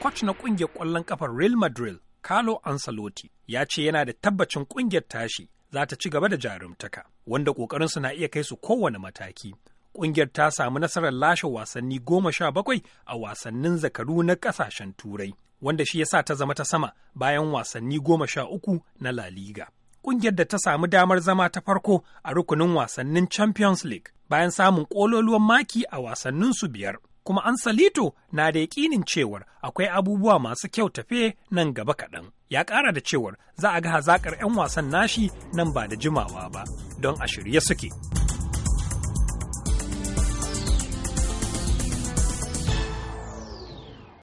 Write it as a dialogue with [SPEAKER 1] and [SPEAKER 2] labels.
[SPEAKER 1] Coach na ƙungiyar ƙwallon ƙafar Real Madrid, Carlo Ancelotti, ya ce yana da tabbacin ƙungiyar tashi za ta ci gaba da jarumtaka, wanda ƙoƙarinsu na iya kai su kowane mataki. Ƙungiyar ta samu nasarar lashe wasanni goma sha bakwai a wasannin zakaru na ƙasashen Turai, wanda shi ya sa ta zama ta sama bayan wasanni goma sha uku na La Liga. Ƙungiyar da ta samu damar zama ta farko a rukunin wasannin Champions League bayan samun ƙololuwan maki a wasannin su biyar. kuma an salito na da yaƙinin cewar akwai abubuwa masu kyau tafe nan gaba kaɗan. Ya ƙara da cewar za a ga hazaƙar 'yan wasan nashi nan ba da jimawa ba, don a shirye suke.